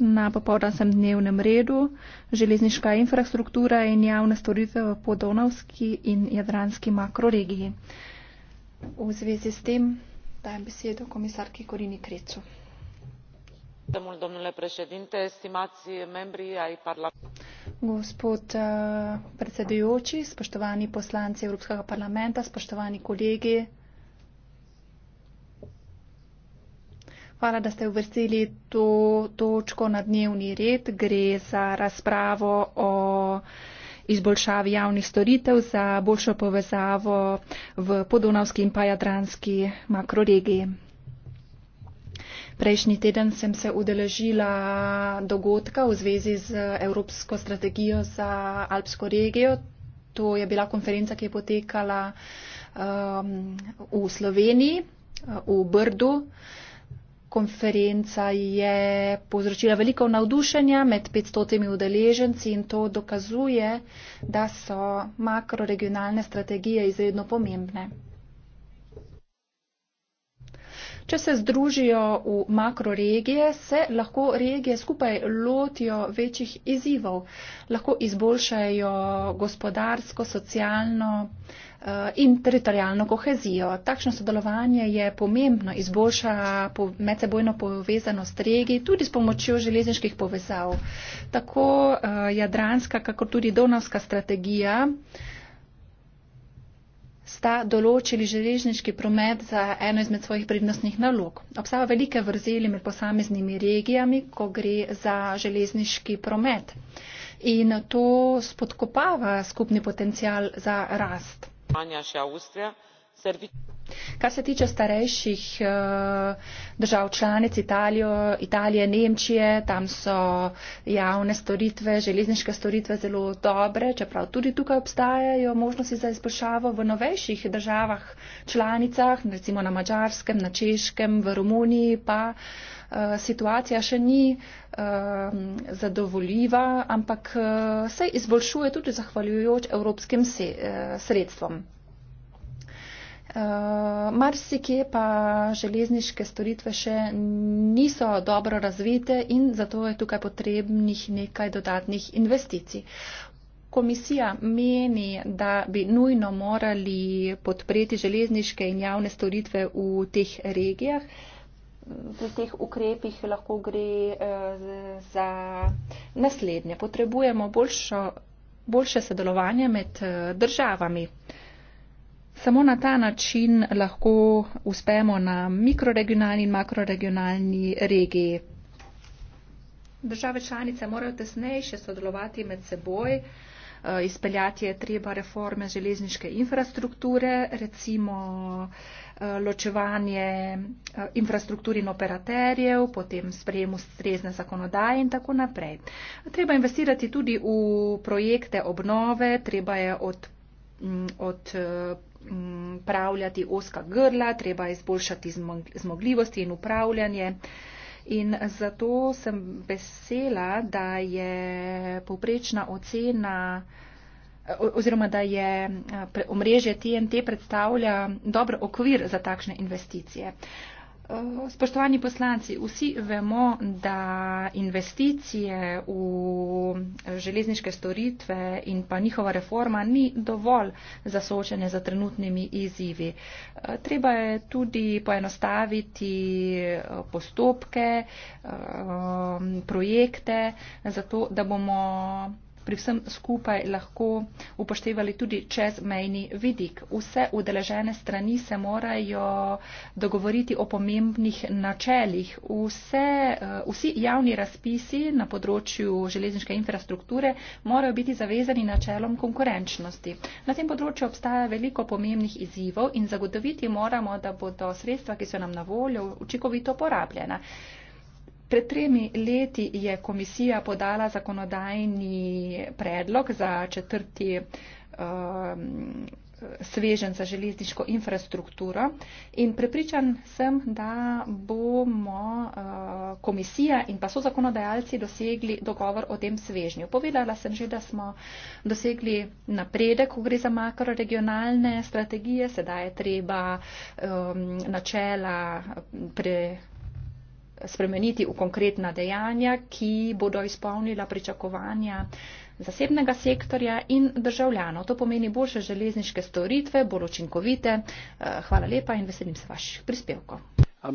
na popoldanskem dnevnem redu železniška infrastruktura in javna storitev v Podonavski in Jadranski makroregiji. V zvezi s tem dajem besedo komisarki Korini Krecu. Gospod uh, predsedujoči, spoštovani poslanci Evropskega parlamenta, spoštovani kolegi, Hvala, da ste uvrstili to točko na dnevni red. Gre za razpravo o izboljšavi javnih storitev za boljšo povezavo v podonavski in pa jadranski makroregiji. Prejšnji teden sem se udeležila dogodka v zvezi z Evropsko strategijo za Alpsko regijo. To je bila konferenca, ki je potekala um, v Sloveniji, uh, v Brdu. Uh, konferenca je povzročila veliko navdušenja med 500 udeleženci in to dokazuje, da so makroregionalne strategije izredno pomembne. Če se združijo v makroregije, se lahko regije skupaj lotijo večjih izzivov. Lahko izboljšajo gospodarsko, socialno, Eh, in teritorijalno kohezijo. Takšno sodelovanje je pomembno, izboljša medsebojno povezanost regij tudi s pomočjo železniških povezav. Tako eh, jadranska, kakor tudi donovska strategija sta določili železniški promet za eno izmed svojih prednostnih nalog. Obstaja velike vrzeli med posameznimi regijami, ko gre za železniški promet. In to spodkopava skupni potencial za rast kar se tiče starejših eh, držav članic Italijo, Italije, Nemčije, tam so javne storitve, železniške storitve zelo dobre, čeprav tudi tukaj obstajajo možnosti za izboljšavo v novejših državah članicah, recimo na Mačarskem, na Češkem, v Romuniji pa. Uh, Eh, situacija še ni eh, zadovoljiva, ampak eh, se izboljšuje tudi zahvaljujoč evropskim sredstvom. Marsikje pa železniške storitve še niso dobro razvite in zato je tukaj potrebnih nekaj dodatnih investicij. Komisija meni, da bi nujno morali podpreti železniške in javne storitve v teh regijah, pri teh ukrepih lahko gre eh, za naslednje. Potrebujemo boljšo, boljše sodelovanje med eh, državami. Samo na ta način lahko uspemo na mikroregionalni in makroregionalni regiji. Države članice morajo tesnejše sodelovati med seboj. Eh, izpeljati je treba reforme železniške infrastrukture, recimo Eh, ločevanje eh, infrastruktur in operaterjev, potem sprejem ustrezne zakonodaje in tako naprej. Treba investirati tudi v projekte obnove, treba je od, mm, od eh, mm, pravljati oska grla, treba je izboljšati zmogljivosti in upravljanje. In zato sem vesela, da je povprečna ocena oziroma da je omrežje TNT predstavlja dober okvir za takšne investicije. Spoštovani poslanci, vsi vemo, da investicije v železniške storitve in pa njihova reforma ni dovolj za soočanje z trenutnimi izzivi. Treba je tudi poenostaviti postopke, projekte, zato da bomo pri vsem skupaj lahko upoštevali tudi čezmejni vidik. Vse udeležene strani se morajo dogovoriti o pomembnih načelih. Vse, eh, vsi javni razpisi na področju železniške infrastrukture morajo biti zavezani načelom konkurenčnosti. Na tem področju obstaja veliko pomembnih izzivov in zagotoviti moramo, da bodo sredstva, ki so nam na voljo, učinkovito porabljena. Pred tremi leti je komisija podala zakonodajni predlog za četrti um, svežen za železniško infrastrukturo in prepričan sem, da bomo uh, komisija in pa so zakonodajalci dosegli dogovor o tem svežnju. Povedala sem že, da smo dosegli napredek, ko gre za makroregionalne strategije, sedaj je treba um, načela pre spremeniti v konkretna dejanja, ki bodo izpolnila pričakovanja zasebnega sektorja in državljanov. To pomeni boljše železniške storitve, bolj učinkovite. Eh, hvala lepa in veselim se vaših prispevkov. Eh,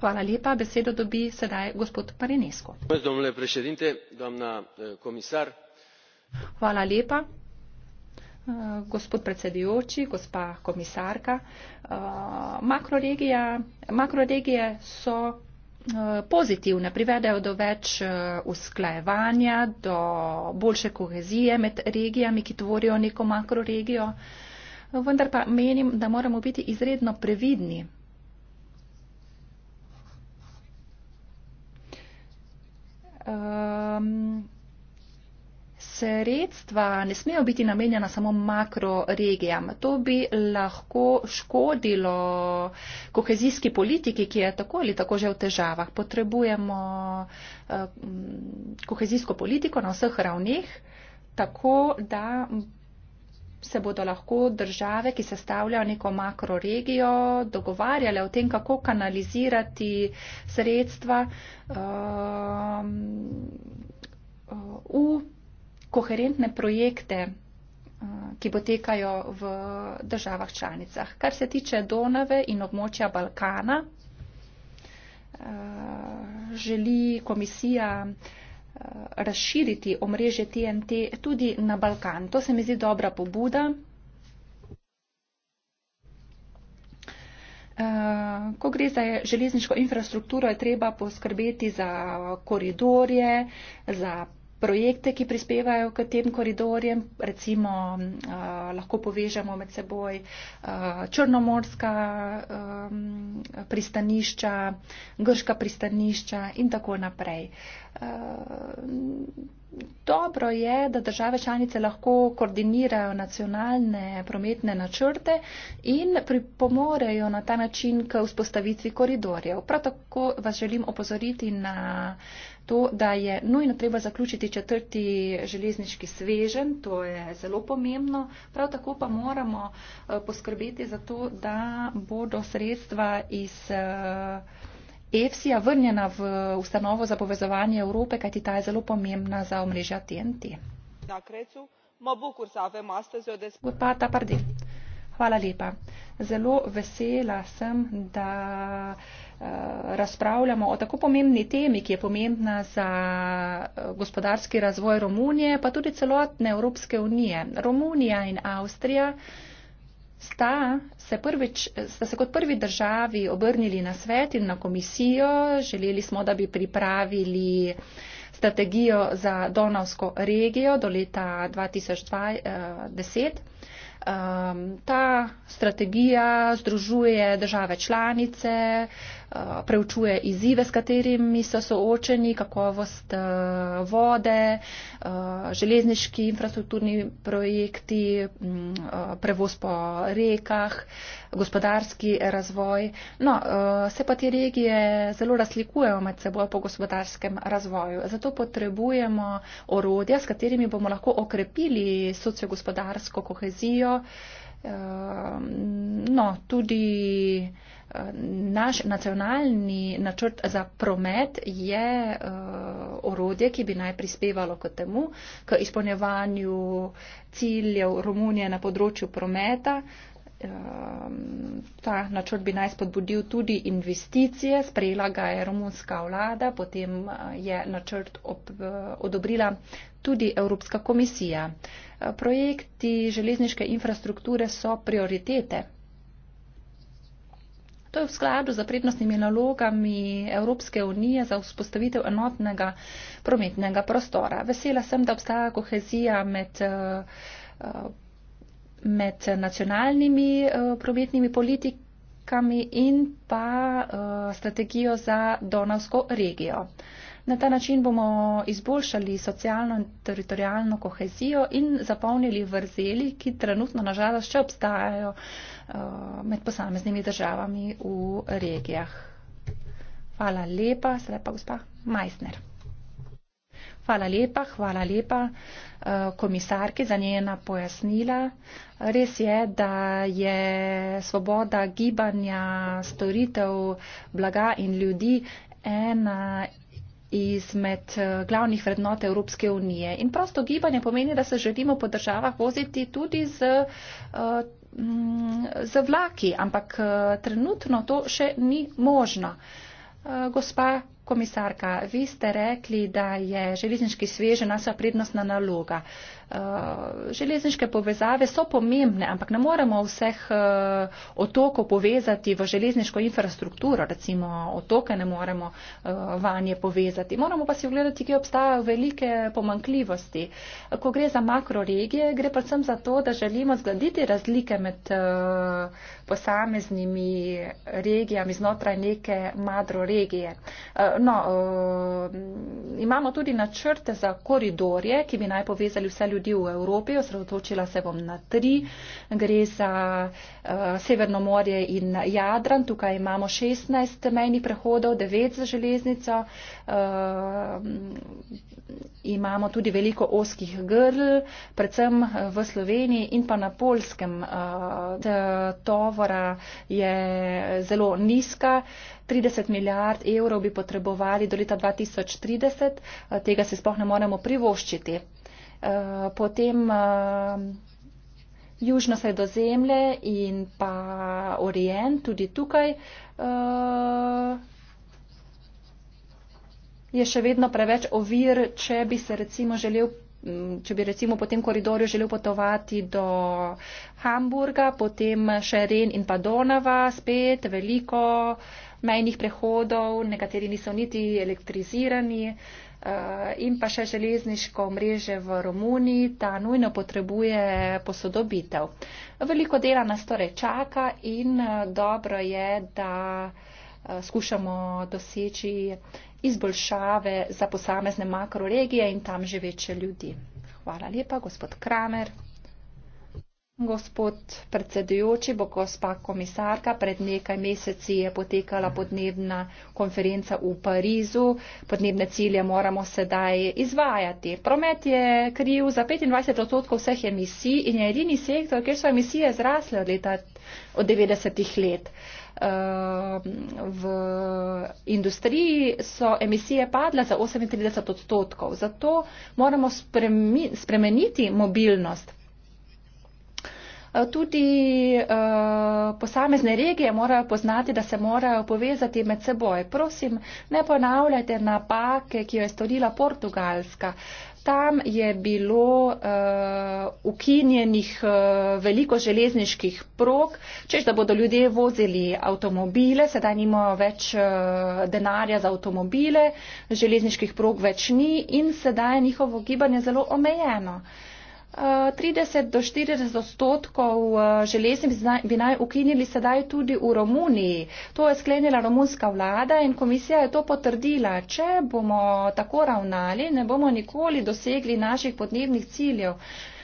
hvala lepa. Besedo dobi sedaj gospod Marinescu. Eh, hvala lepa. Eh, gospod predsedujoči, gospa komisarka. Eh, makroregije so eh, pozitivne, privedejo do več usklajevanja, do boljše kohezije med regijami, ki tvorijo neko makroregijo. Vendar pa menim, da moramo biti izredno previdni. Um, sredstva ne smejo biti namenjena samo makroregijam. To bi lahko škodilo kohezijski politiki, ki je tako ali tako že v težavah. Potrebujemo eh, kohezijsko politiko na vseh ravneh, tako da se bodo lahko države, ki sestavljajo neko makroregijo, dogovarjale o tem, kako kanalizirati sredstva uh, v koherentne projekte, eh, ki potekajo v državah članicah. Kar se tiče Donave in območja Balkana, eh, želi komisija eh, razširiti omrežje TNT tudi na Balkan. To se mi zdi dobra pobuda. Ko gre za železniško infrastrukturo, je treba poskrbeti za koridorje, za projekte, ki prispevajo k tem koridorjem, recimo uh, lahko povežemo med seboj uh, črnomorska um, pristanišča, grška pristanišča in tako naprej. Uh, Dobro je, da države članice lahko koordinirajo nacionalne prometne načrte in pripomorejo na ta način k vzpostavitvi koridorjev. Prav tako vas želim opozoriti na uh, to, da je nujno treba zaključiti četrti železniški svežen, to je zelo pomembno. Prav tako pa moramo eh, poskrbeti za to, da bodo sredstva iz eh, EFSI-ja vrnjena v ustanovo za povezovanje Evrope, kajti ta je zelo pomembna za omrežja TNT. Gospa Tapardi, hvala lepa. Zelo vesela sem, da Eh, razpravljamo o tako pomembni temi, ki je pomembna za eh, gospodarski razvoj Romunije, pa tudi celotne Evropske unije. Romunija in Avstrija sta se, prvič, sta se kot prvi državi obrnili na svet in na komisijo. Želeli smo, da bi pripravili strategijo za Donavsko regijo do leta 2020. Um, ehm, ta strategija združuje države članice, uh, Eh, preučuje izzive, s katerimi so soočeni, kakovost eh, vode, eh, železniški infrastrukturni projekti, mm, prevoz po rekah, gospodarski razvoj. No, se pa te regije zelo razlikujejo med seboj po gospodarskem razvoju. Zato potrebujemo orodja, s katerimi bomo lahko okrepili sociogospodarsko kohezijo. No, tudi Naš nacionalni načrt za promet je eh, orodje, ki bi naj prispevalo k temu, k izpolnjevanju ciljev Romunije na področju prometa. Ehm, ta načrt bi naj spodbudil tudi investicije, sprejela ga je romunska vlada, potem eh, je načrt ob, eh, odobrila tudi Evropska komisija. Projekti železniške infrastrukture so prioritete To je v skladu za prednostnimi nalogami Evropske unije za vzpostavitev enotnega prometnega prostora. Vesela sem, da obstaja kohezija med, eh, med nacionalnimi eh, prometnimi politikami in pa eh, strategijo za Donavsko regijo. Na ta način bomo izboljšali socialno in teritorijalno kohezijo in zapolnili vrzeli, ki trenutno nažalost še obstajajo eh, med posameznimi državami v regijah. Hvala lepa, se lepa gospa Majsner. Hvala lepa, hvala lepa eh, komisarki za njena pojasnila. Res je, da je svoboda gibanja storitev blaga in ljudi ena izmed eh, glavnih vrednot Evropske unije. In prosto gibanje pomeni, da se želimo po državah voziti tudi z, eh, z vlaki, ampak eh, trenutno to še ni možno. Gospa komisarka, vi ste rekli, da je železniški svež naša prednostna naloga. Eh, železniške povezave so pomembne, ampak ne moremo vseh eh, otokov povezati v železniško infrastrukturo, recimo otoke ne moremo eh, vanje povezati. Moramo pa si ogledati, kje obstajajo velike pomankljivosti. Ko gre za makroregije, gre predvsem za to, da želimo zgladiti razlike med posameznimi regijami znotraj neke madroregije. No, imamo tudi načrte za koridorje, ki bi naj povezali vse ljudi ljudi v Evropi. Osredotočila se bom na tri. Gre za uh, Severno morje in Jadran. Tukaj imamo 16 mejnih prehodov, 9 za železnico. Uh, imamo tudi veliko oskih grl, predvsem eh, v Sloveniji in pa na polskem. Uh, tovora je zelo nizka. 30 milijard evrov bi potrebovali do leta 2030, tega se sploh ne moremo privoščiti. Eh, potem eh, južno sredozemlje in pa orient tudi tukaj eh, je še vedno preveč ovir, če bi se recimo želel, mm, če bi recimo po tem koridorju želel potovati do Hamburga, potem še Ren in pa Donava, spet veliko mejnih prehodov, nekateri niso niti elektrizirani. Uh, Eh, in pa še železniško mreže v Romuniji, ta nujno potrebuje posodobitev. Veliko dela nas torej čaka in eh, dobro je, da eh, skušamo doseči izboljšave za posamezne makroregije in tam že večje ljudi. Hvala lepa, gospod Kramer. Gospod predsedujoči, bo gospa komisarka, pred nekaj meseci je potekala podnebna konferenca v Parizu. Podnebne cilje moramo sedaj izvajati. Promet je kriv za 25 odstotkov vseh emisij in je edini sektor, kjer so emisije zrasle od, leta, od 90-ih let. Ehm, v industriji so emisije padle za 38 odstotkov. Zato moramo spremeniti mobilnost. Eh, tudi uh, posamezne regije morajo poznati, da se morajo povezati med seboj. Prosim, ne ponavljajte napake, ki jo je storila Portugalska. Tam je bilo uh, ukinjenih uh, veliko železniških prog, čež da bodo ljudje vozili avtomobile, sedaj nimajo več uh, denarja za avtomobile, železniških prog več ni in sedaj je njihovo gibanje zelo omejeno. Uh, 30 do 40 odstotkov eh, železnic bi naj ukinili sedaj tudi v Romuniji. To je sklenila romunska vlada in komisija je to potrdila. Če bomo tako ravnali, ne bomo nikoli dosegli naših podnebnih ciljev.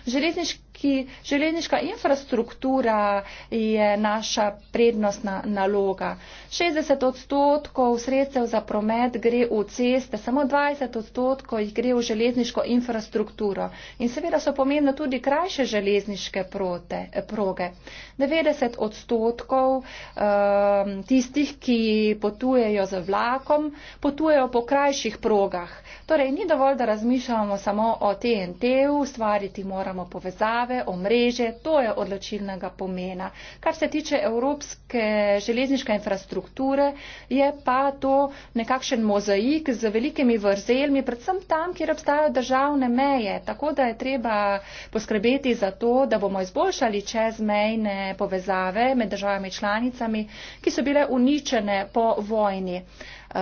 Železniški ki železniška infrastruktura je naša prednostna naloga. 60 odstotkov sredstev za promet gre v ceste, samo 20 odstotkov jih gre v železniško infrastrukturo. In seveda so pomembne tudi krajše železniške prote, proge. 90 odstotkov um, tistih, ki potujejo z vlakom, potujejo po krajših progah. Torej, ni dovolj, da razmišljamo samo o TNT-u, ustvariti moramo povezave, povezave, omrežje, to je odločilnega pomena. Kar se tiče evropske železniške infrastrukture, je pa to nekakšen mozaik z velikimi vrzeljmi, predvsem tam, kjer obstajajo državne meje. Tako da je treba poskrbeti za to, da bomo izboljšali čezmejne povezave med državami članicami, ki so bile uničene po vojni. Uh,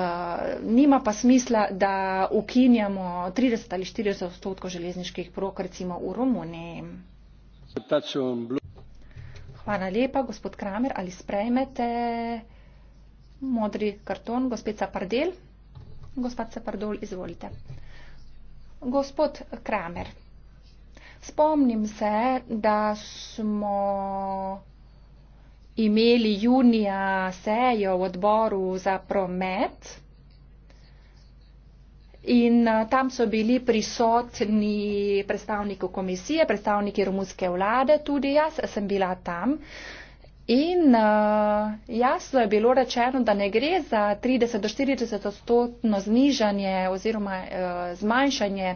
nima pa smisla, da ukinjamo 30 ali 40 odstotkov železniških prog, recimo v Romuniji. Hvala lepa, gospod Kramer. Ali sprejmete modri karton, gospod Capardel? Gospod Capardel, izvolite. Gospod Kramer, spomnim se, da smo imeli junija sejo v odboru za promet In eh, tam so bili prisotni predstavniki komisije, predstavniki romunske vlade, tudi jaz sem bila tam. In uh, jasno je bilo rečeno, da ne gre za 30 do 40 odstotno znižanje oziroma uh, zmanjšanje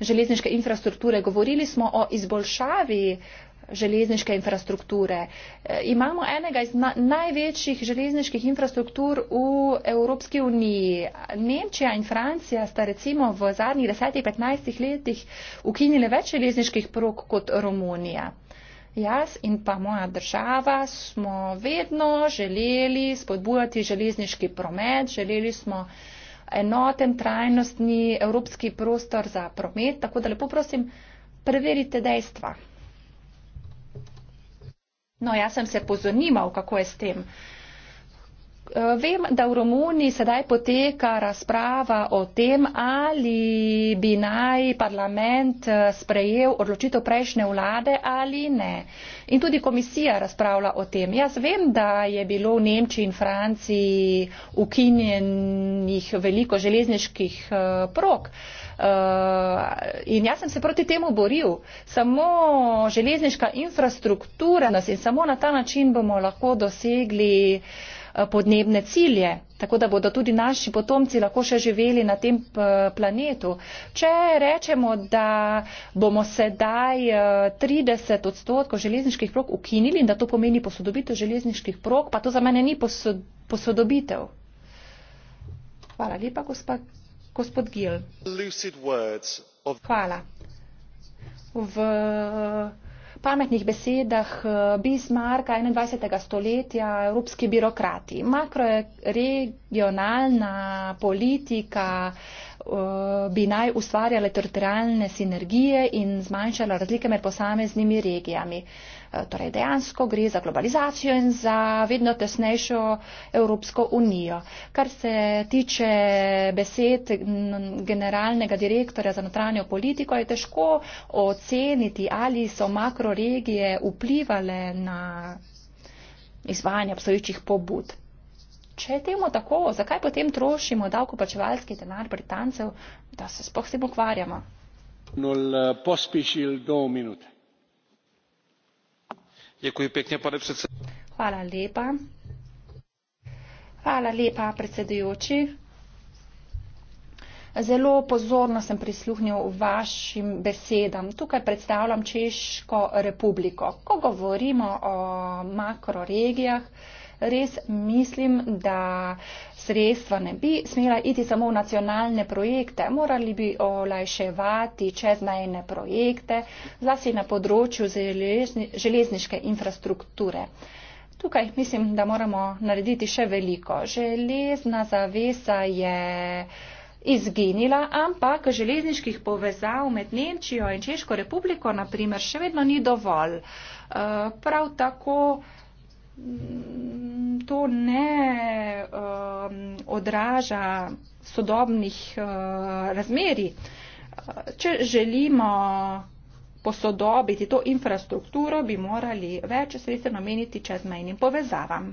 železniške infrastrukture. Govorili smo o izboljšavi uh, železniške infrastrukture. E, imamo enega iz na, največjih železniških infrastruktur v Evropski uniji. Nemčija in Francija sta recimo v zadnjih 10-15 letih ukinile več železniških prog kot Romunija. Jaz in pa moja država smo vedno želeli spodbujati železniški promet, želeli smo enoten trajnostni evropski prostor za promet, tako da lepo prosim, preverite dejstva. No, jaz sem se pozornimal, kako je s tem. Eh, vem, da v Romuniji sedaj poteka razprava o tem, ali bi naj parlament eh, sprejel odločitev prejšnje vlade ali ne. In tudi komisija razpravlja o tem. Jaz vem, da je bilo v Nemčiji in Franciji ukinjenih veliko železniških eh, prog. In jaz sem se proti temu boril. Samo železniška infrastruktura nas in samo na ta način bomo lahko dosegli Eh, podnebne cilje, tako da bodo tudi naši potomci lahko še živeli na tem eh, planetu. Če rečemo, da bomo sedaj 30 eh, odstotkov železniških prog ukinili in da to pomeni posodobitev železniških prog, pa to za mene ni posod, posodobitev. Hvala lepa, gospa, gospod Gil. Hvala. V, pametnih besedah eh, Bismarka 21. stoletja evropski birokrati. Makroregionalna politika eh, bi naj ustvarjala teritorijalne sinergije in zmanjšala razlike med posameznimi regijami. Eh, torej dejansko gre za globalizacijo in za vedno tesnejšo Evropsko unijo. Kar se tiče besed generalnega direktorja za notranjo politiko, je težko oceniti, ali so makroregije vplivale na izvajanje obstoječih pobud. Če je temu tako, zakaj potem trošimo davkoplačevalski denar Britancev, da se spohsim ukvarjamo? 0, pane predsedujoči zelo pozorno sem prisluhnil vašim besedam. tukaj predstavljam češko republiko. ko govorimo o makroregijah res mislim, da sredstva ne bi smela iti samo v nacionalne projekte, morali bi olajševati čezmejne projekte, zlasti na področju železni, železniške infrastrukture. Tukaj mislim, da moramo narediti še veliko. Železna zavesa je izginila, ampak železniških povezav med Nemčijo in Češko republiko naprimer še vedno ni dovolj. Eh, prav tako Mm, to ne um, odraža sodobnih uh, razmerij. Uh, če želimo posodobiti to infrastrukturo, bi morali več sredstev nameniti čezmejnim povezavam.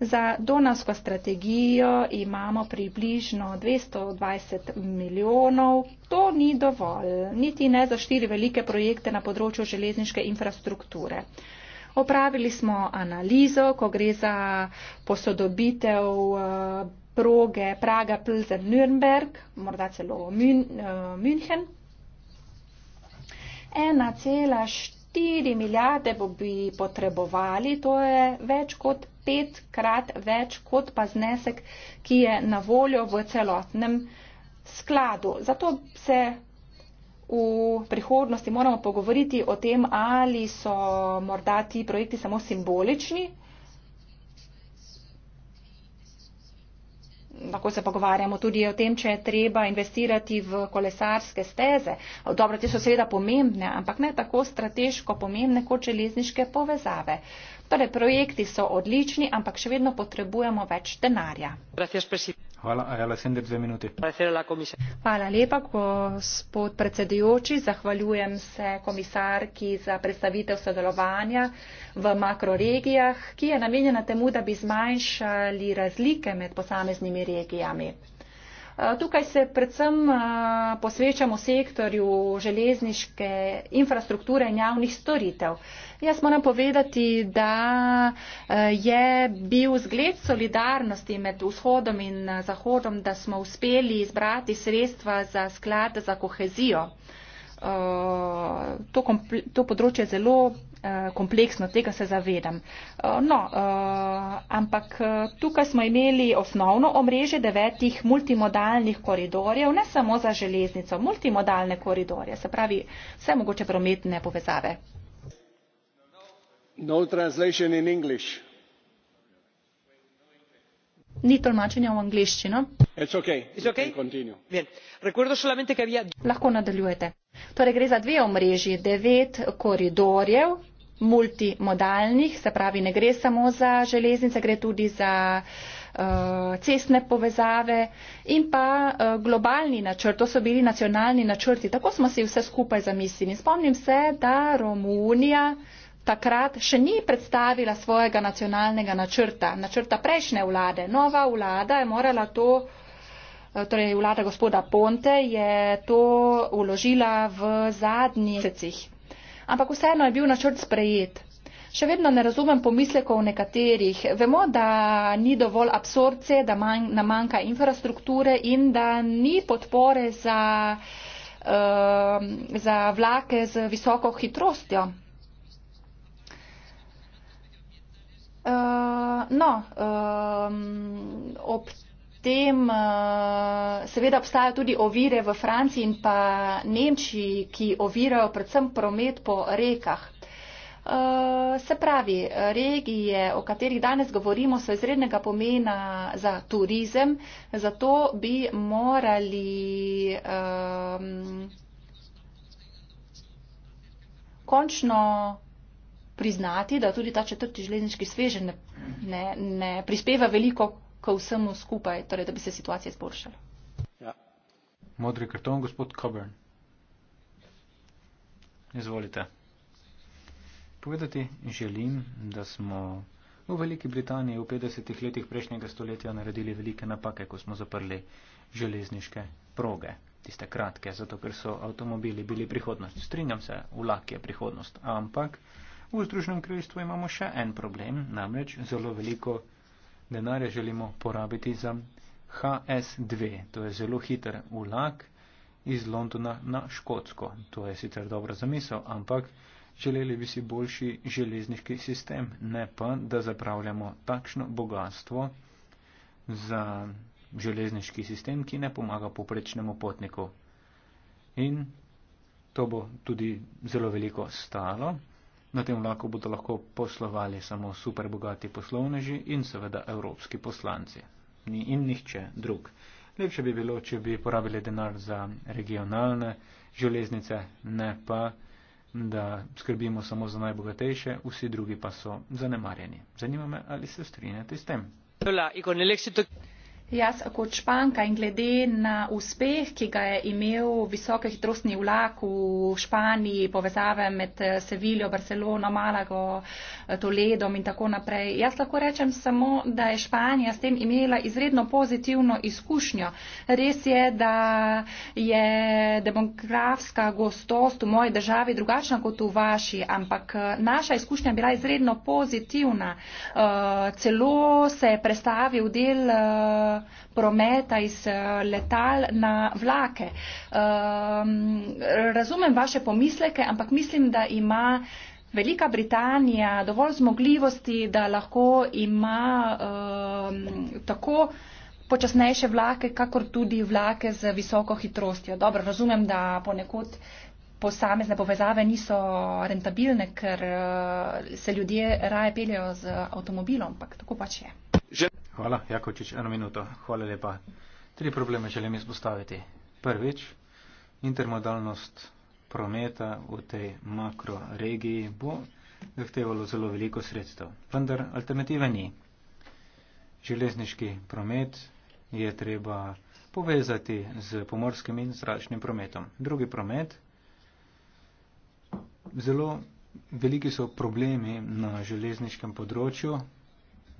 Za donavsko strategijo imamo približno 220 milijonov. To ni dovolj, niti ne za štiri velike projekte na področju železniške infrastrukture. Opravili smo analizo, ko gre za posodobitev eh, proge Praga-Plzen-Nürnberg, morda celo eh, München. 1,4 milijarde bo bi potrebovali, to je več kot petkrat več kot pa znesek, ki je na voljo v celotnem skladu. Zato se v prihodnosti moramo pogovoriti o tem, ali so morda ti projekti samo simbolični. Lahko se pogovarjamo tudi o tem, če je treba investirati v kolesarske steze. Dobro, te so seveda pomembne, ampak ne tako strateško pomembne kot železniške povezave. Torej, projekti so odlični, ampak še vedno potrebujemo več denarja. Hvala, Hvala lepa, gospod predsedujoči. Zahvaljujem se komisarki za predstavitev sodelovanja v makroregijah, ki je namenjena temu, da bi zmanjšali razlike med posameznimi regijami. Eh, tukaj se predvsem eh, posvečamo sektorju železniške infrastrukture in javnih storitev. Jaz moram povedati, da eh, je bil zgled solidarnosti med vzhodom in zahodom, da smo uspeli izbrati sredstva za sklad za kohezijo. To, to področje je zelo Eh, kompleksno, tega se zavedam. Eh, no, eh, ampak tukaj smo imeli osnovno omrežje devetih multimodalnih koridorjev, ne samo za železnico, multimodalne koridorje, se pravi vse mogoče prometne povezave. No translation in English. Ni tolmačenja v angliščino. It's okay. It's okay. Continue. Lahko nadaljujete. Torej gre za dve omrežji, devet koridorjev multimodalnih, se pravi, ne gre samo za železnice, gre tudi za eh, cestne povezave in pa eh, globalni načrt, to so bili nacionalni načrti, tako smo si vse skupaj zamislili. Spomnim se, da Romunija takrat še ni predstavila svojega nacionalnega načrta, načrta prejšnje vlade. Nova vlada je morala to, eh, torej vlada gospoda Ponte je to uložila v zadnjih mesecih ampak vseeno je bil načrt sprejet. Še vedno ne razumem pomislekov nekaterih. Vemo, da ni dovolj absorpcije, da manj, nam manjka infrastrukture in da ni podpore za, uh, za vlake z visoko hitrostjo. Uh, no, um, ob Potem eh, seveda obstajajo tudi ovire v Franciji in pa Nemčiji, ki ovirajo predvsem promet po rekah. Eh, se pravi, regije, o katerih danes govorimo, so izrednega pomena za turizem, zato bi morali um, končno priznati, da tudi ta četrti železniški sveže ne, ne, ne prispeva veliko k vsemu skupaj, torej da bi se situacija izboljšala. Ja. Modri karton, gospod Coburn. Izvolite. Povedati želim, da smo v Veliki Britaniji v 50-ih letih prejšnjega stoletja naredili velike napake, ko smo zaprli železniške proge, tiste kratke, zato ker so avtomobili bili prihodnost. Strinjam se, vlak je prihodnost, ampak v Združenem kraljestvu imamo še en problem, namreč zelo veliko denarja želimo porabiti za HS2, to je zelo hiter vlak iz Londona na Škotsko. To je sicer dobra zamisel, ampak želeli bi si boljši železniški sistem, ne pa, da zapravljamo takšno bogatstvo za železniški sistem, ki ne pomaga poprečnemu potniku. In to bo tudi zelo veliko stalo. Na tem vlaku bodo lahko poslovali samo superbogati poslovneži in seveda evropski poslanci. Ni in nihče drug. Lepše bi bilo, če bi porabili denar za regionalne železnice, ne pa, da skrbimo samo za najbogatejše, vsi drugi pa so zanemarjeni. Zanima me, ali se strinjate s tem. Hola, Jaz kot španka in glede na uspeh, ki ga je imel visoke hitrostni vlak v Španiji, povezave med eh, Sevilijo, Barcelono, Malago, eh, Toledom in tako naprej, jaz lahko rečem samo, da je Španija s tem imela izredno pozitivno izkušnjo. Res je, da je demografska gostost v moji državi drugačna kot v vaši, ampak eh, naša izkušnja je bila izredno pozitivna. Uh, celo se je prestavil del uh, prometa iz eh, letal na vlake. Um, razumem vaše pomisleke, ampak mislim, da ima Velika Britanija dovolj zmogljivosti, da lahko ima um, tako počasnejše vlake, kakor tudi vlake z visoko hitrostjo. Dobro, razumem, da ponekod posamezne povezave niso rentabilne, ker eh, se ljudje raje peljajo z avtomobilom, ampak tako pač je. Že... Hvala, Jakočič, eno minuto. Hvala lepa. Tri probleme želim izpostaviti. Prvič, intermodalnost prometa v tej makroregiji bo zahtevalo zelo veliko sredstev. Vendar alternative ni. Železniški promet je treba povezati z pomorskim in zračnim prometom. Drugi promet, zelo veliki so problemi na železniškem področju,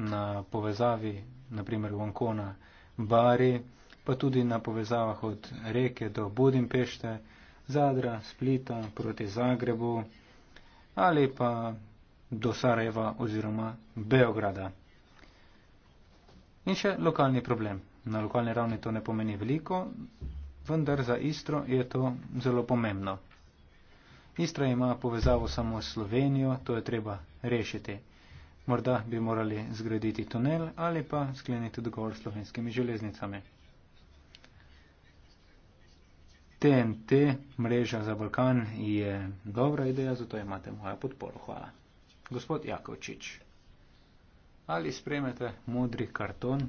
na povezavi, naprimer Vankona, Bari, pa tudi na povezavah od reke do Budimpešte, Zadra, Splita proti Zagrebu ali pa do Sarajeva oziroma Beograda. In še lokalni problem. Na lokalni ravni to ne pomeni veliko, vendar za Istro je to zelo pomembno. Istra ima povezavo samo s Slovenijo, to je treba rešiti. Morda bi morali zgraditi tunel ali pa skleniti dogovor s slovenskimi železnicami. TNT mreža za Balkan je dobra ideja, zato imate mojo podporo. Hvala. Gospod Jakovčič, ali spremete modri karton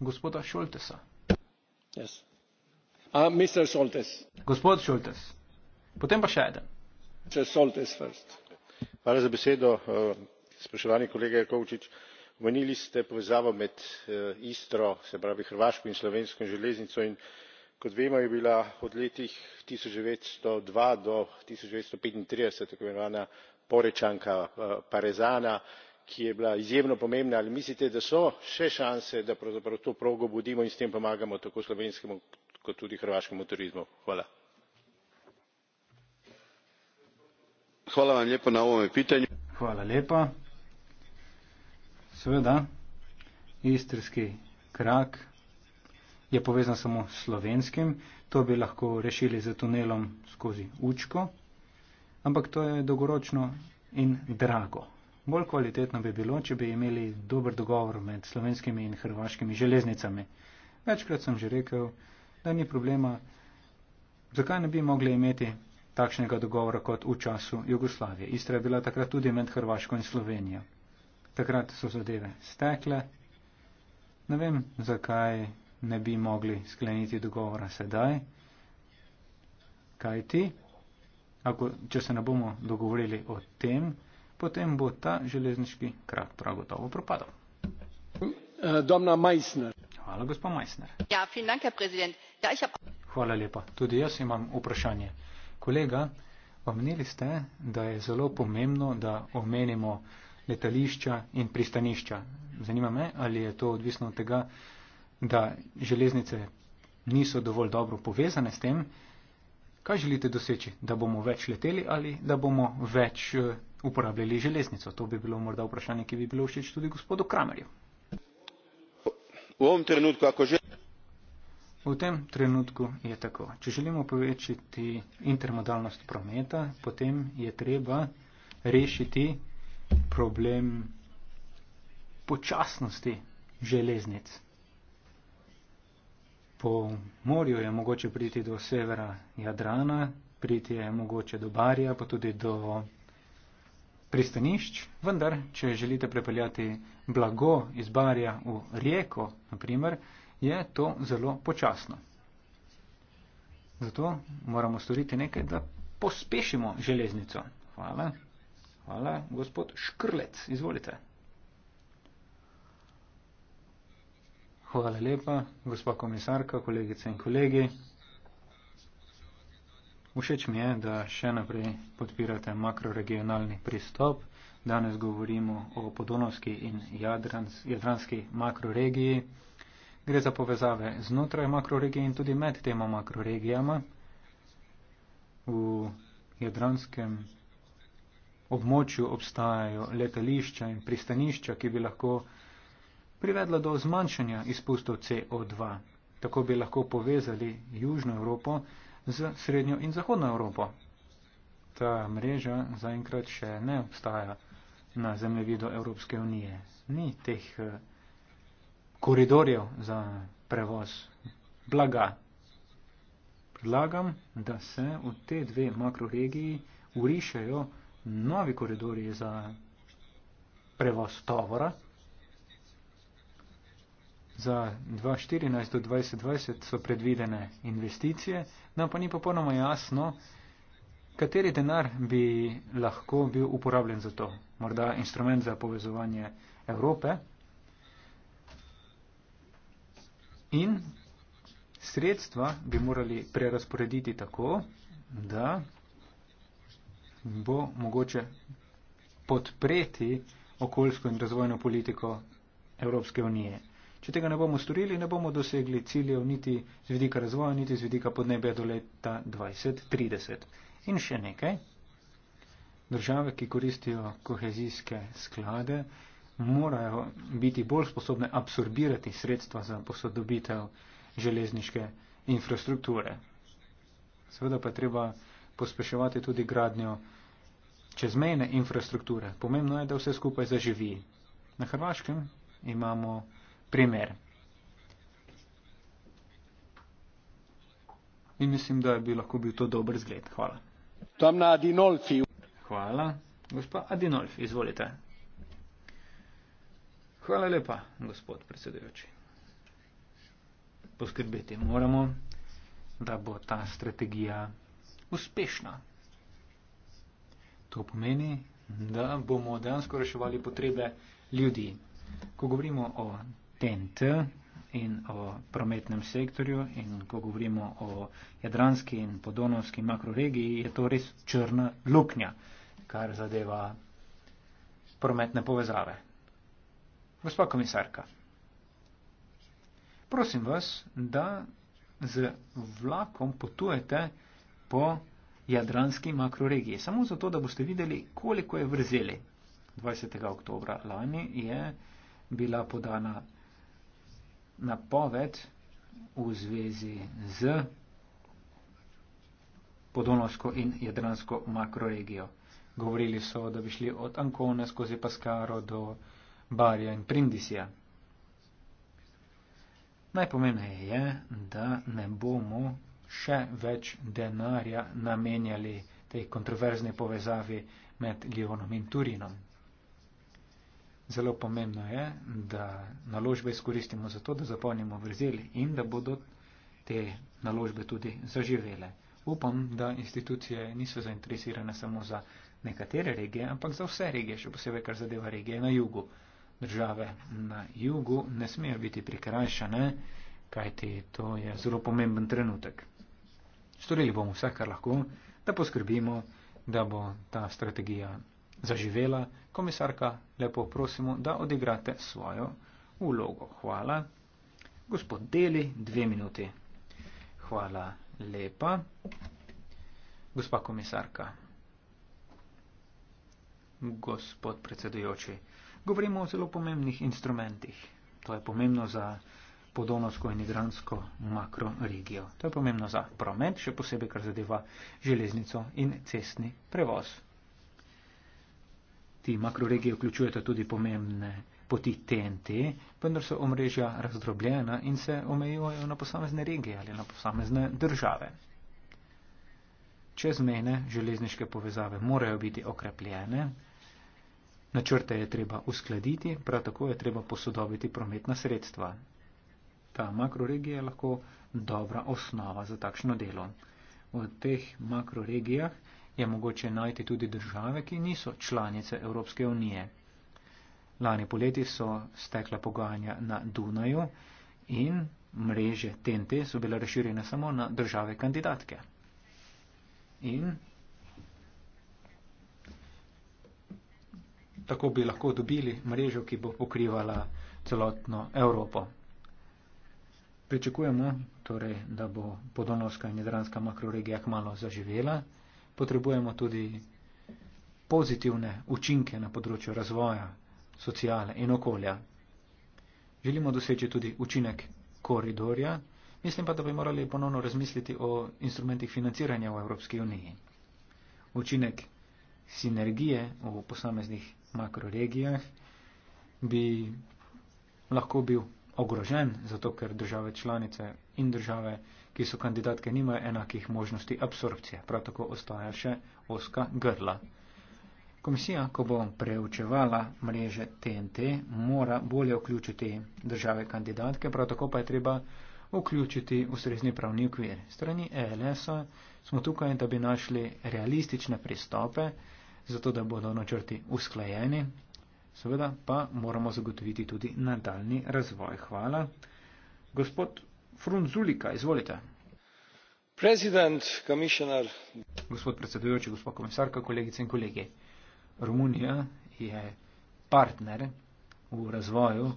gospoda Šoltesa? Yes. Uh, Mr. Šoltes. Gospod Šoltes, potem pa še eden. Hvala za besedo. Uh spoštovani kolega jakovčič omenili ste povezavo med eh, istro se pravi hrvaško in slovensko železnico in kot vemo je bila od let tisoč devetsto dva do tisoč devetsto petintrideset tako imenovana porečanka eh, parezana ki je bila izjemno pomembna. ali mislite da so še šanse da pravzaprav to progo obudimo in s tem pomagamo tako slovenskemu kot tudi hrvaškemu turizmu? hvala. Seveda, istrski krak je povezan samo s slovenskim, to bi lahko rešili z tunelom skozi Učko, ampak to je dolgoročno in drago. Bolj kvalitetno bi bilo, če bi imeli dober dogovor med slovenskimi in hrvaškimi železnicami. Večkrat sem že rekel, da ni problema, zakaj ne bi mogli imeti takšnega dogovora kot v času Jugoslavije. Istra je bila takrat tudi med Hrvaško in Slovenijo takrat so zadeve stekle. Ne vem, zakaj ne bi mogli skleniti dogovora sedaj. Kaj ti? Ako, če se ne bomo dogovorili o tem, potem bo ta železniški krak prav gotovo propadal. Hvala, gospod Meissner. Ja, ja, Hvala lepa. Tudi jaz imam vprašanje. Kolega, omenili ste, da je zelo pomembno, da omenimo letališča in pristanišča. Zanima me, ali je to odvisno od tega, da železnice niso dovolj dobro povezane s tem, kaj želite doseči, da bomo več leteli ali da bomo več eh, uporabljali železnico. To bi bilo morda vprašanje, ki bi bilo všeč tudi gospodu Kramerju. V ovom trenutku, ako želite. V tem trenutku je tako. Če želimo povečati intermodalnost prometa, potem je treba rešiti problem počasnosti železnic. Po morju je mogoče priti do severa Jadrana, priti je mogoče do Barija, pa tudi do pristanišč, vendar, če želite prepeljati blago iz Barija v rijeko, naprimer, je to zelo počasno. Zato moramo storiti nekaj, da pospešimo železnico. Hvala. Hvala. Gospod Škrlec, izvolite. Hvala lepa, gospa komisarka, kolegice in kolegi. Všeč mi je, da še naprej podpirate makroregionalni pristop. Danes govorimo o Podonovski in Jadrans, Jadranski makroregiji. Gre za povezave znotraj makroregije in tudi med tema makroregijama. V Jadranskem območju obstajajo letališča in pristanišča, ki bi lahko privedla do zmanjšanja izpustov CO2. Tako bi lahko povezali Južno Evropo z Srednjo in Zahodno Evropo. Ta mreža zaenkrat še ne obstaja na zemljevidu Evropske unije. Ni teh eh, koridorjev za prevoz blaga. Predlagam, da se v te dve makroregiji urišajo novi koridori za prevoz tovora. Za 2014 do 2020 so predvidene investicije, no pa ni popolnoma jasno, kateri denar bi lahko bil uporabljen za to. Morda instrument za povezovanje Evrope in sredstva bi morali prerasporediti tako, da bo mogoče podpreti okoljsko in razvojno politiko Evropske unije. Če tega ne bomo storili, ne bomo dosegli ciljev niti z vidika razvoja, niti z vidika podnebja do leta 2030. In še nekaj. Države, ki koristijo kohezijske sklade, morajo biti bolj sposobne absorbirati sredstva za posodobitev železniške infrastrukture. Seveda pa je treba pospeševati tudi gradnjo čezmejne infrastrukture. Pomembno je, da vse skupaj zaživi. Na Hrvaškem imamo primer. In mislim, da bi lahko bil to dober zgled. Hvala. Tam na Adinolfi. Hvala. Gospa Adinolf, izvolite. Hvala lepa, gospod predsedujoči. Poskrbeti moramo, da bo ta strategija uspešna. To pomeni, da bomo dejansko reševali potrebe ljudi. Ko govorimo o TNT in o prometnem sektorju in ko govorimo o jadranski in podonovski makroregiji, je to res črna luknja, kar zadeva prometne povezave. Gospa komisarka, prosim vas, da z vlakom potujete po jadranski makroregiji. Samo zato, da boste videli, koliko je vrzeli. 20. oktobra lani je bila podana napoved v zvezi z podonovsko in jadransko makroregijo. Govorili so, da bi šli od Ancone skozi Paskaro do Barja in Prindisija. Najpomembneje je, da ne bomo še več denarja namenjali tej kontroverzni povezavi med Lionom in Turinom. Zelo pomembno je, da naložbe izkoristimo za to, da zapolnimo vrzeli in da bodo te naložbe tudi zaživele. Upam, da institucije niso zainteresirane samo za nekatere regije, ampak za vse regije, še posebej kar zadeva regije na jugu. Države na jugu ne smejo biti prikrajšane, kajti to je zelo pomemben trenutek. Storili bomo vse, kar lahko, da poskrbimo, da bo ta strategija zaživela. Komisarka, lepo prosimo, da odigrate svojo ulogo. Hvala. Gospod Deli, dve minuti. Hvala lepa. Gospa komisarka. Gospod predsedujoči, govorimo o zelo pomembnih instrumentih. To je pomembno za podonosko in idransko makroregijo. To je pomembno za promet, še posebej, kar zadeva železnico in cestni prevoz. Ti makroregije vključujete tudi pomembne poti TNT, vendar so omrežja razdrobljena in se omejujejo na posamezne regije ali na posamezne države. Čez mene železniške povezave morajo biti okrepljene, načrte je treba uskladiti, prav tako je treba posodobiti prometna sredstva ta makroregija lahko dobra osnova za takšno delo. V teh makroregijah je mogoče najti tudi države, ki niso članice Evropske unije. Lani poleti so stekla pogajanja na Dunaju in mreže TNT so bile razširjene samo na države kandidatke. In tako bi lahko dobili mrežo, ki bo pokrivala celotno Evropo. Pričakujemo, no, torej, da bo podonovska in jedranska makroregija kmalo zaživela. Potrebujemo tudi pozitivne učinke na področju razvoja, sociale in okolja. Želimo doseči tudi učinek koridorja. Mislim pa, da bi morali ponovno razmisliti o instrumentih financiranja v Evropski uniji. Učinek sinergije v posameznih makroregijah bi lahko bil ogrožen, zato ker države članice in države, ki so kandidatke, nimajo enakih možnosti absorpcije. Prav tako ostaja še oska grla. Komisija, ko bo preučevala mreže TNT, mora bolje vključiti države kandidatke, prav tako pa je treba vključiti ustrezni pravni okvir. Strani ELS-a smo tukaj, da bi našli realistične pristope, zato da bodo načrti usklajeni, Seveda pa moramo zagotoviti tudi nadaljni razvoj. Hvala. Gospod Frunzulika, izvolite. President, komisar. Gospod predsedujoči, gospod komisarka, kolegice in kolege. Romunija je partner v razvoju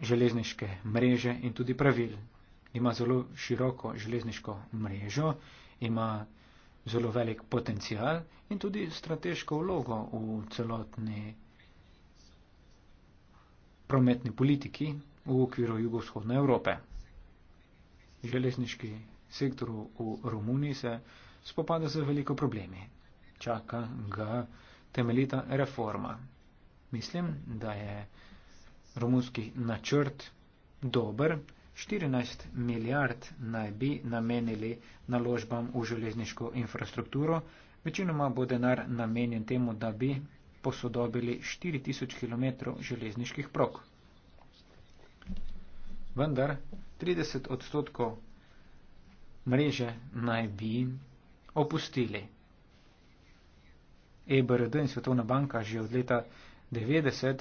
železniške mreže in tudi pravil. Ima zelo široko železniško mrežo, ima zelo velik potencial in tudi strateško vlogo v celotni prometni politiki v okviru jugovzhodne Evrope. Železniški sektor v Romuniji se spopada z veliko problemi. Čaka ga temeljita reforma. Mislim, da je romunski načrt dober, 14 milijard naj bi namenili naložbam v železniško infrastrukturo, večinoma bo denar namenjen temu, da bi posodobili 4000 km železniških prog. Vendar 30 odstotkov mreže naj bi opustili. EBRD in Svetovna banka že od leta 90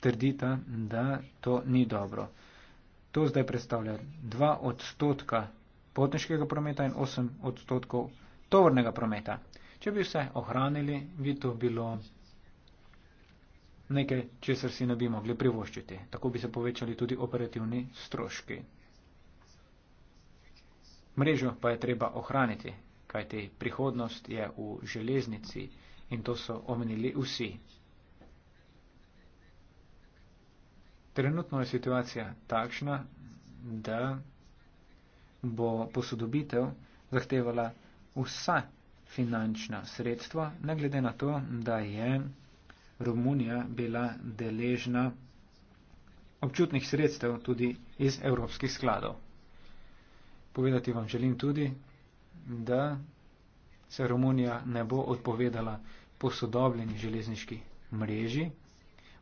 trdita, da to ni dobro. To zdaj predstavlja 2 odstotka potniškega prometa in 8 odstotkov tovornega prometa. Če bi vse ohranili, bi to bilo nekaj, česar si ne bi mogli privoščiti. Tako bi se povečali tudi operativni stroški. Mrežo pa je treba ohraniti, kajti prihodnost je v železnici in to so omenili vsi. Trenutno je situacija takšna, da bo posodobitev zahtevala vsa finančna sredstva, ne glede na to, da je Romunija bila deležna občutnih sredstev tudi iz evropskih skladov. Povedati vam želim tudi, da se Romunija ne bo odpovedala posodobljeni železniški mreži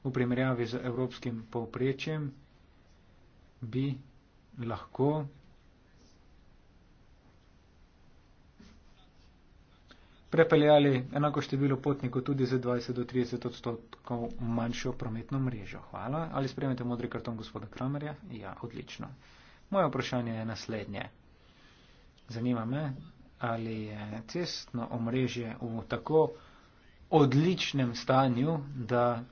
v primerjavi z evropskim povprečjem bi lahko prepeljali enako število potnikov tudi za 20 do 30 odstotkov manjšo prometno mrežo. Hvala. Ali sprejmete modri karton gospoda Kramerja? Ja, odlično. Moje vprašanje je naslednje. Zanima me, ali je cestno omrežje v tako odličnem stanju, da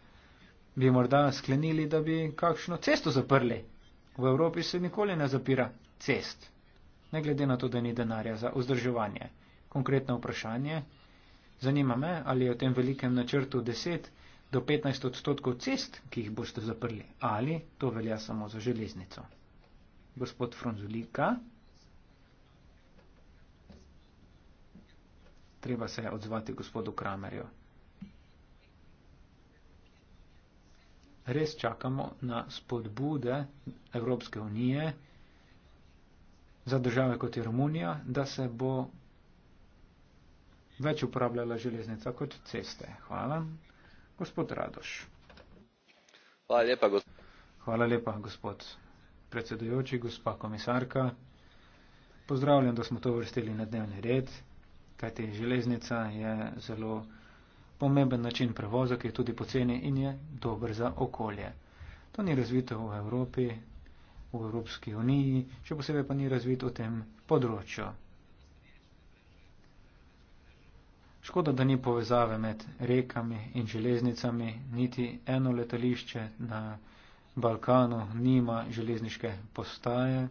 bi morda sklenili, da bi kakšno cesto zaprli. V Evropi se nikoli ne zapira cest, ne glede na to, da ni denarja za vzdrževanje. Konkretno vprašanje. Zanima me, ali je v tem velikem načrtu 10 do 15 odstotkov cest, ki jih boste zaprli, ali to velja samo za železnico. Gospod Fronzulika. Treba se je odzvati gospodu Kramerju. res čakamo na spodbude Evropske unije za države kot je Romunija, da se bo več uporabljala železnica kot ceste. Hvala. Gospod Radoš. Hvala lepa, gos Hvala lepa gospod predsedujoči, gospa komisarka. Pozdravljam, da smo to vrstili na dnevni red, kajti železnica je zelo pomemben način prevoza, ki je tudi poceni in je dober za okolje. To ni razvito v Evropi, v Evropski uniji, še posebej pa ni razvito v tem področju. Škoda, da ni povezave med rekami in železnicami, niti eno letališče na Balkanu nima železniške postaje.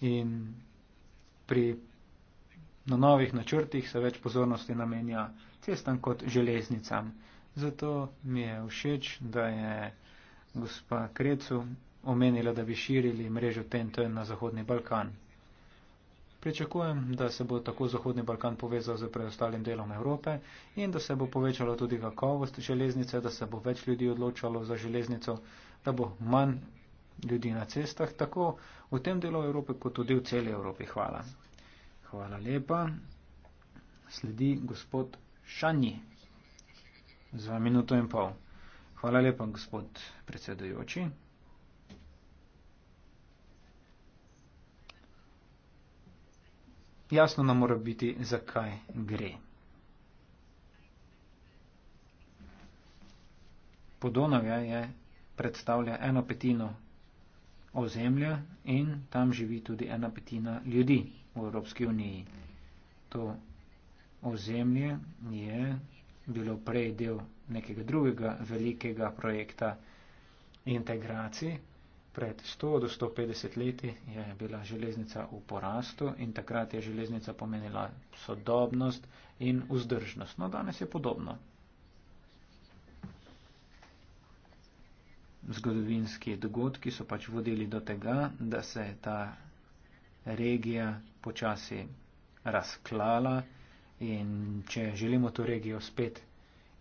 In pri na novih načrtih se več pozornosti namenja cestam kot železnicam. Zato mi je všeč, da je gospa Krecu omenila, da bi širili mrežo TNT na Zahodni Balkan. Pričakujem, da se bo tako Zahodni Balkan povezal z preostalim delom Evrope in da se bo povečala tudi kakovost železnice, da se bo več ljudi odločalo za železnico, da bo manj ljudi na cestah, tako v tem delu Evrope kot tudi v celi Evropi. Hvala. Hvala lepa. Sledi gospod Šanji za minuto in pol. Hvala lepa, gospod predsedujoči. Jasno nam mora biti, zakaj gre. Podonavja je, predstavlja eno petino ozemlja in tam živi tudi ena petina ljudi v Evropski uniji. To ozemlje je bilo prej del nekega drugega velikega projekta integracij. Pred 100 do 150 leti je bila železnica v porastu in takrat je železnica pomenila sodobnost in vzdržnost. No, danes je podobno. Zgodovinski dogodki so pač vodili do tega, da se ta regija počasi razklala in če želimo to regijo spet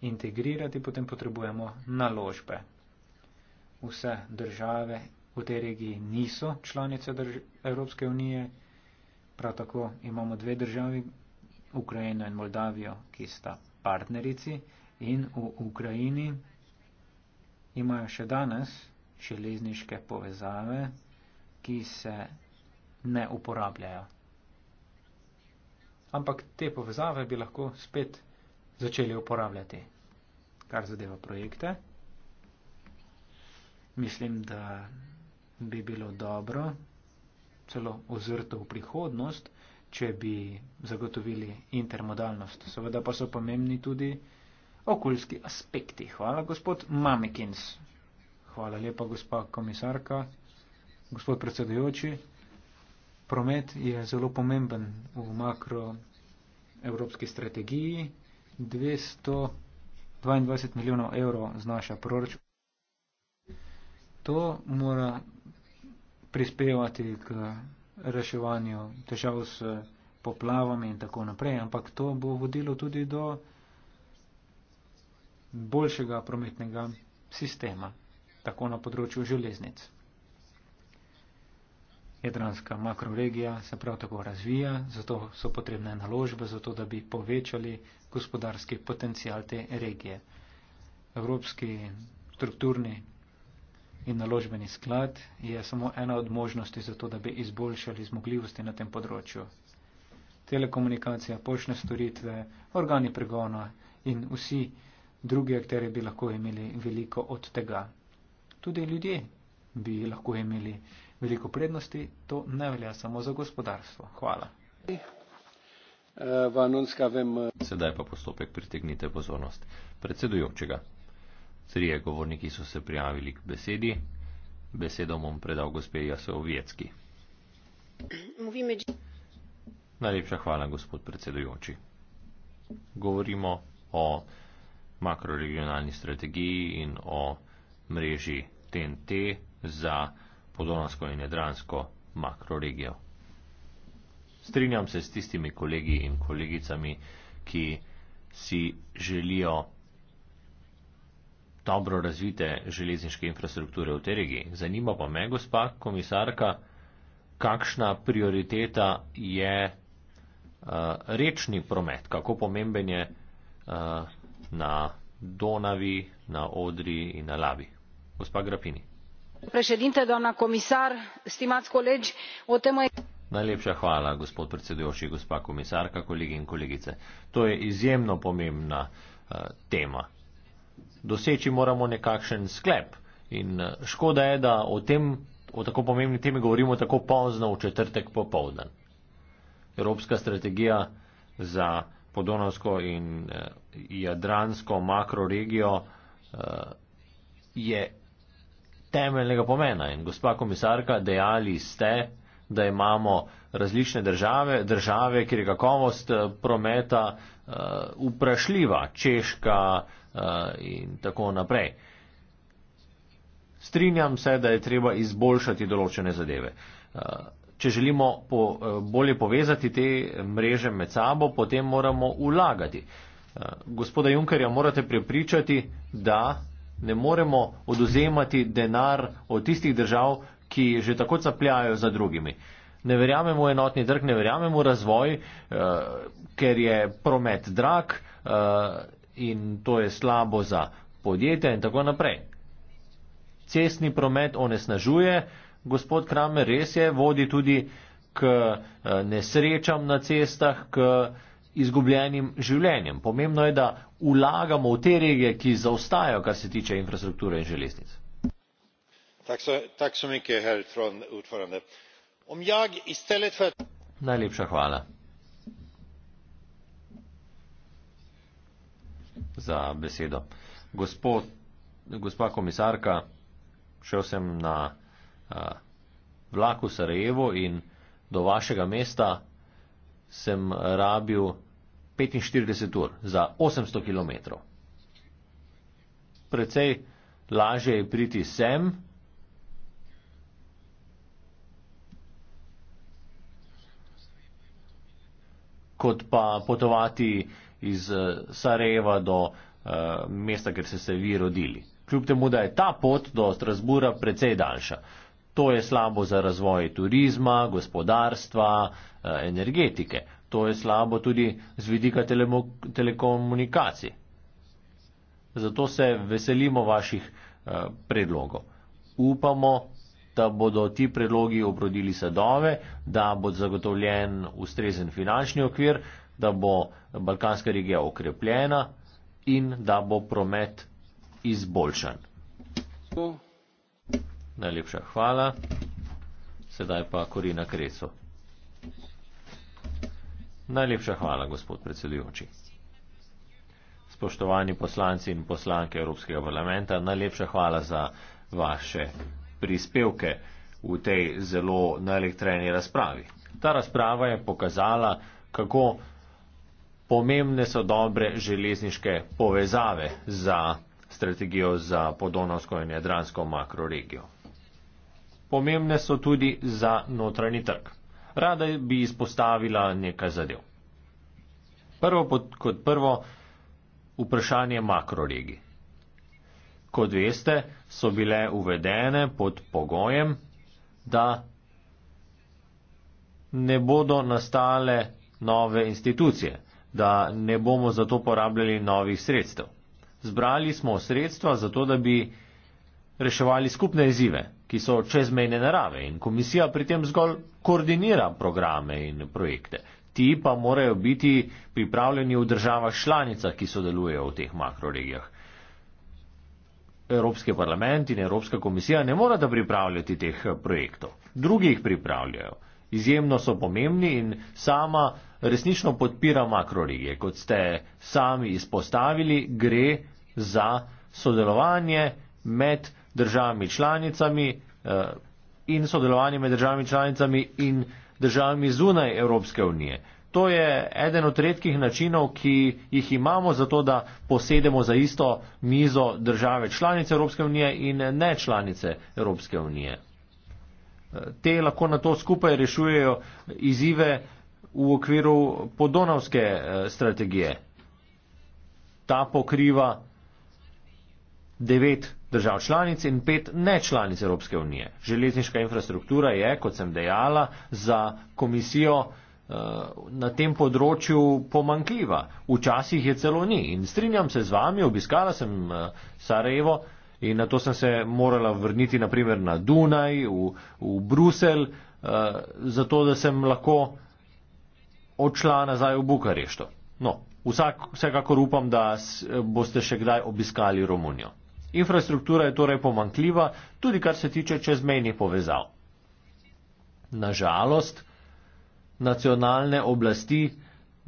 integrirati, potem potrebujemo naložbe. Vse države v tej regiji niso članice Evropske unije, prav tako imamo dve državi, Ukrajino in Moldavijo, ki sta partnerici in v Ukrajini imajo še danes železniške povezave, ki se ne uporabljajo. Ampak te povezave bi lahko spet začeli uporabljati, kar zadeva projekte. Mislim, da bi bilo dobro, celo ozrto v prihodnost, če bi zagotovili intermodalnost. Seveda pa so pomembni tudi okoljski aspekti. Hvala, gospod Mamekins. Hvala lepa, gospa komisarka, gospod predsedujoči promet je zelo pomemben v makroevropski strategiji. 222 milijonov evrov znaša proračun. To mora prispevati k reševanju težav s poplavami in tako naprej, ampak to bo vodilo tudi do boljšega prometnega sistema, tako na področju železnic. Jadranska makroregija se prav tako razvija, zato so potrebne naložbe, zato da bi povečali gospodarski potencial te regije. Evropski strukturni in naložbeni sklad je samo ena od možnosti za to, da bi izboljšali zmogljivosti na tem področju. Telekomunikacija, pošne storitve, organi pregona in vsi drugi akteri bi lahko imeli veliko od tega. Tudi ljudje bi lahko imeli veliko veliko prednosti, to ne velja samo za gospodarstvo. Hvala. Eh, eh, Sedaj pa postopek pritegnite pozornost predsedujočega. Trije govorniki so se prijavili k besedi. Besedo bom predal gospe Jasovjecki. Najlepša hvala, gospod predsedujoči. Govorimo o makroregionalni strategiji in o mreži TNT za podonansko in jedransko makroregijo. Strinjam se s tistimi kolegi in kolegicami, ki si želijo dobro razvite železniške infrastrukture v tej regiji. Zanima pa me, gospa komisarka, kakšna prioriteta je uh, rečni promet, kako pomemben je uh, na Donavi, na Odri in na Labi. Gospa Grapini președinte doamnă comisar stimați colegi o temă Najlepša hvala, gospod predsedujoči, gospa komisarka, kolegi in kolegice. To je izjemno pomembna uh, tema. Doseči moramo nekakšen sklep in eh, škoda je, da o, tem, o tako pomembni temi govorimo tako pozno v četrtek popovdan. Evropska strategija za podonovsko in uh, jadransko makroregijo uh, je temeljnega pomena. In gospa komisarka, dejali ste, da imamo različne države, države, kjer je kakovost eh, prometa uh, vprašljiva, češka uh, in tako naprej. Strinjam se, da je treba izboljšati določene zadeve. Če želimo po, bolje povezati te mreže med sabo, potem moramo ulagati. Gospoda Junkerja morate prepričati, da ne moremo oduzemati denar od tistih držav, ki že tako capljajo za drugimi. Ne verjamemo v enotni trg, ne verjamemo v razvoj, eh, ker je promet drag eh, in to je slabo za podjetja in tako naprej. Cestni promet onesnažuje, gospod Kramer res je, vodi tudi k eh, nesrečam na cestah, k izgubljenim življenjem. Pomembno je, da vlagamo v te regije, ki zaostajajo, kar se tiče infrastrukture in železnic. Najlepša hvala za besedo. Gospod, gospa komisarka, šel sem na a, vlaku Sarajevo in do vašega mesta sem rabil 45 ur za 800 km. Predvsej lažje je priti sem, kot pa potovati iz eh, Sarajeva do uh, mesta, kjer ste se vi rodili. Kljub temu, da je ta pot do Strasbura precej daljša. To je slabo za razvoj turizma, gospodarstva, eh, energetike. To je slabo tudi z vidika telekomunikacij. Zato se veselimo vaših eh, predlogov. Upamo, da bodo ti predlogi obrodili sadove, da bo zagotovljen ustrezen finančni okvir, da bo Balkanska regija okrepljena in da bo promet izboljšan. Najlepša hvala. Sedaj pa Korina Kreco. Najlepša hvala, gospod predsedujoči. Spoštovani poslanci in poslanke Evropskega parlamenta, najlepša hvala za vaše prispevke v tej zelo naelektreni razpravi. Ta razprava je pokazala, kako pomembne so dobre železniške povezave za strategijo za podonavsko in jadransko makroregijo. Pomembne so tudi za notranji trg. Rada bi izpostavila nekaj zadev. Prvo kot prvo vprašanje makroregi. Kot veste, so bile uvedene pod pogojem, da ne bodo nastale nove institucije, da ne bomo zato porabljali novih sredstev. Zbrali smo sredstva zato, da bi reševali skupne izzive, ki so čezmejne narave in komisija pri tem zgolj koordinira programe in projekte. Ti pa morajo biti pripravljeni v državah članicah, ki sodelujejo v teh makroregijah. Evropski parlament in Evropska komisija ne morata pripravljati teh projektov. Drugi jih pripravljajo. Izjemno so pomembni in sama resnično podpira makroregije. Kot ste sami izpostavili, gre za sodelovanje med državami članicami eh, in sodelovanje med državami članicami in državami zunaj Evropske unije. To je eden od redkih načinov, ki jih imamo za to, da posedemo za isto mizo države članice Evropske unije in ne članice Evropske unije. Eh, te lahko na to skupaj rešujejo izzive v okviru podonavske eh, strategije. Ta pokriva devet držav članic in pet nečlanic Evropske unije. Železniška infrastruktura je, kot sem dejala, za komisijo eh, na tem področju pomankljiva. Včasih je celo ni. In strinjam se z vami, obiskala sem eh, Sarajevo in na to sem se morala vrniti naprimer na Dunaj, v, v Brusel, eh, zato da sem lahko odšla nazaj v Bukarešto. No, vsak, vsekakor upam, da boste še kdaj obiskali Romunijo. Infrastruktura je torej pomankljiva, tudi kar se tiče čezmejnih povezav. Nažalost, nacionalne oblasti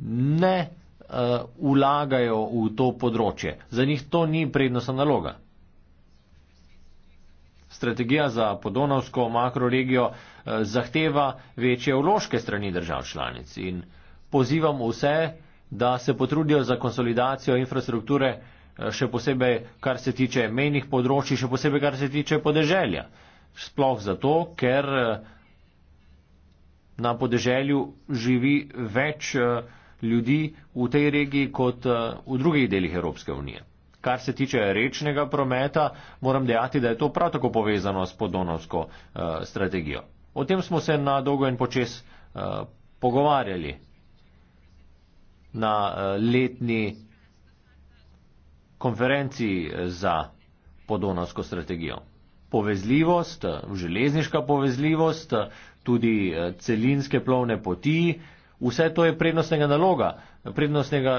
ne uh, eh, ulagajo v to področje. Za njih to ni prednostna naloga. Strategija za podonavsko makroregijo uh, zahteva večje vložke strani držav članic in pozivam vse, da se potrudijo za konsolidacijo infrastrukture. Eh, še posebej kar se tiče menjih področji, še posebej kar se tiče podeželja. Sploh zato, ker eh, na podeželju živi več eh, ljudi v tej regiji kot v drugih delih Evropske unije. Kar se tiče rečnega prometa, moram dejati, da je to prav tako povezano s podonovsko uh, strategijo. O tem smo se na dolgo in počes uh, pogovarjali na uh, letni konferenci eh, za podonovsko strategijo. Povezljivost, eh, železniška povezljivost, eh, tudi celinske plovne poti, vse to je prednostnega naloga, prednostnega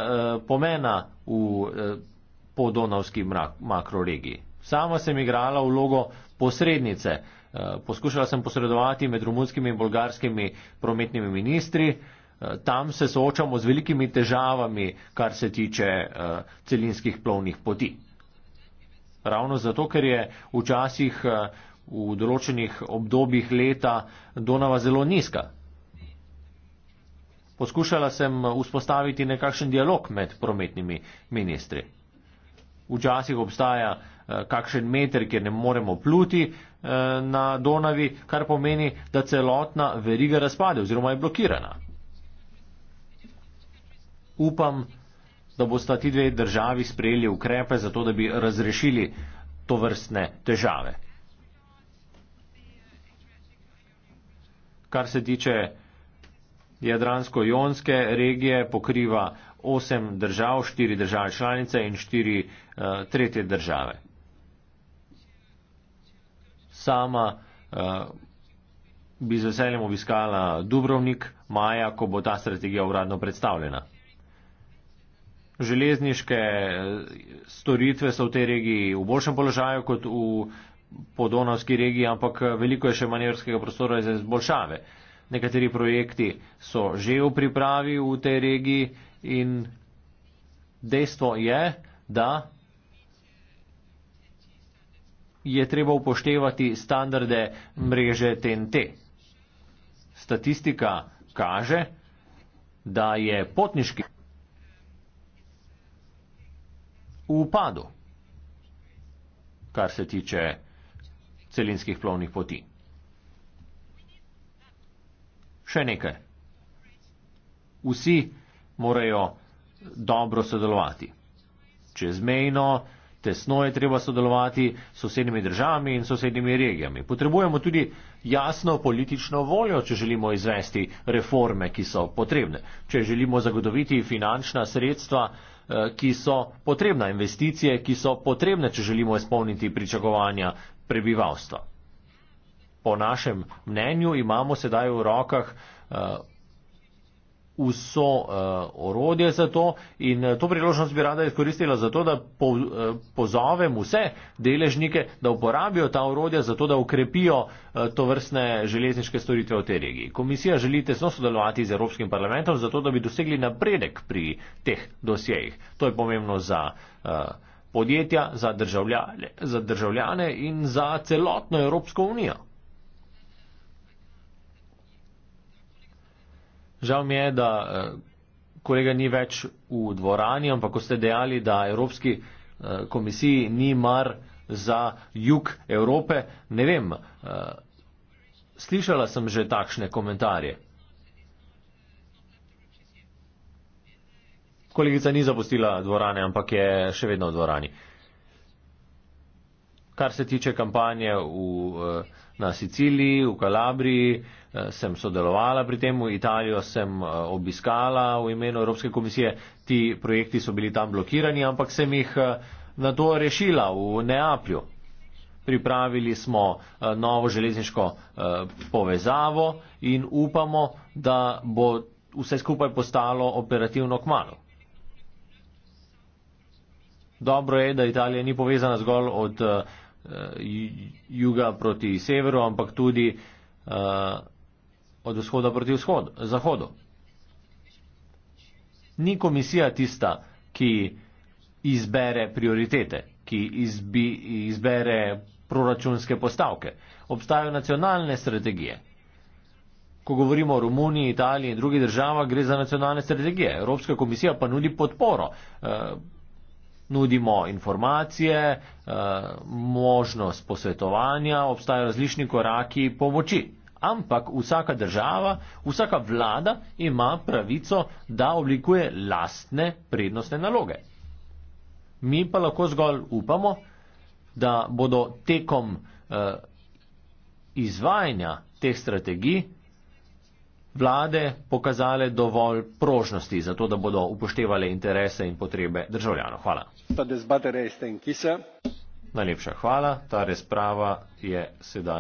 pomena v podonovski makroregiji. Sama sem igrala vlogo posrednice. Poskušala sem posredovati med rumunskimi in bolgarskimi prometnimi ministri, Eh, tam se soočamo z velikimi težavami, kar se tiče eh, celinskih plovnih poti. Ravno zato, ker je včasih eh, v določenih obdobjih leta Donava zelo nizka. Poskušala sem vzpostaviti nekakšen dialog med prometnimi ministri. Včasih obstaja kakšen meter, kjer ne moremo pluti na Donavi, kar pomeni, da celotna veriga razpade oziroma je blokirana upam, da bosta ti dve državi sprejeli ukrepe za to, da bi razrešili to vrstne težave. Kar se tiče Jadransko-Jonske regije, pokriva osem držav, štiri države članice in štiri uh, tretje države. Sama uh, bi z veseljem obiskala Dubrovnik maja, ko bo ta strategija uradno predstavljena železniške eh, storitve so v tej regiji v boljšem položaju kot v podonovski regiji, ampak eh, veliko je še manevrskega prostora za izboljšave. Nekateri projekti so že v pripravi v tej regiji in dejstvo je, da je treba upoštevati standarde mreže TNT. Statistika kaže, da je potniški v upadu, kar se tiče celinskih plovnih poti. Še nekaj. Vsi morajo dobro sodelovati. Čezmejno, tesno je treba sodelovati s sosednjimi državami in sosednjimi regijami. Potrebujemo tudi jasno politično voljo, če želimo izvesti reforme, ki so potrebne. Če želimo zagotoviti finančna sredstva, ki so potrebna investicije, ki so potrebne, če želimo izpolniti pričakovanja prebivalstva. Po našem mnenju imamo sedaj v rokah eh, vso uh, orodje za to in uh, to priložnost bi rada izkoristila za to, da po, uh, pozovem vse deležnike, da uporabijo ta orodja za to, da ukrepijo uh, to vrstne železniške storitve v tej regiji. Komisija želi tesno sodelovati z Evropskim parlamentom za to, da bi dosegli napredek pri teh dosjejih. To je pomembno za uh, podjetja, za državljane, za državljane in za celotno Evropsko unijo. Žal mi je, da eh, kolega ni več v dvorani, ampak ko ste dejali, da Evropski eh, komisiji ni mar za jug Evrope, ne vem. Eh, slišala sem že takšne komentarje. Kolegica ni zapustila dvorane, ampak je še vedno v dvorani. Kar se tiče kampanje v, na Siciliji, v Kalabriji, Eh, sem sodelovala pri tem, Italijo sem eh, obiskala v imenu Evropske komisije, ti projekti so bili tam blokirani, ampak sem jih eh, na to rešila v Neaplju. Pripravili smo novo železniško povezavo in upamo, da bo vse skupaj postalo operativno k malu. Dobro je, da Italija ni povezana zgolj od uh, juga proti severu, ampak tudi uh, od vzhoda proti vzhod, zahodu. Ni komisija tista, ki izbere prioritete, ki izbi, izbere proračunske postavke. Obstajajo nacionalne strategije. Ko govorimo o Romuniji, Italiji in drugih državah, gre za nacionalne strategije. Evropska komisija pa nudi podporo. Eh, nudimo informacije, eh, možnost posvetovanja, obstajajo različni koraki pomoči ampak vsaka država, vsaka vlada ima pravico, da oblikuje lastne prednostne naloge. Mi pa lahko zgolj upamo, da bodo tekom eh, izvajanja teh strategij vlade pokazale dovolj prožnosti, zato da bodo upoštevale interese in potrebe državljanov. Hvala. Najlepša hvala. Ta razprava je sedaj.